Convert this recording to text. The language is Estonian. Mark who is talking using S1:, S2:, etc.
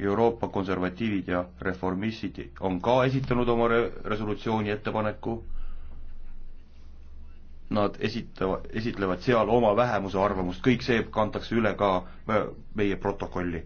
S1: Euroopa konservatiivid ja reformistid on ka esitanud oma re resolutsiooni ettepaneku. Nad esitavad, esitlevad seal oma vähemuse arvamust, kõik see kantakse üle ka meie protokolli